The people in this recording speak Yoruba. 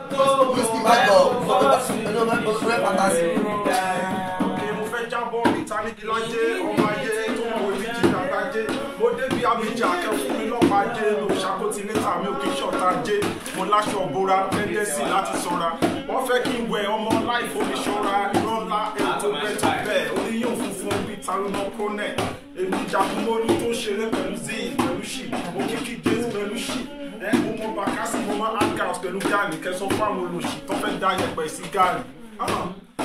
whisky back up mo láṣọ bora tẹ́ndẹ́sì láti sọ́ra wọ́n fẹ́ kí n wẹ̀ ọmọ láì fomi ṣọ́ra irọ́ ńlá ẹ̀ tó bẹ́ẹ̀ tó bẹ́ẹ̀ oníyàn funfun bíi taruna kọ́nẹ̀ èmi jagunmọ́ni tó ṣeré pẹ̀lú zii pẹ̀lú ṣì mo kíkí gé pẹ̀lú ṣì mo un ń qu'elle ọ̀sẹ̀ ló sont pas án fáwọn olùsí tó fẹ́ dá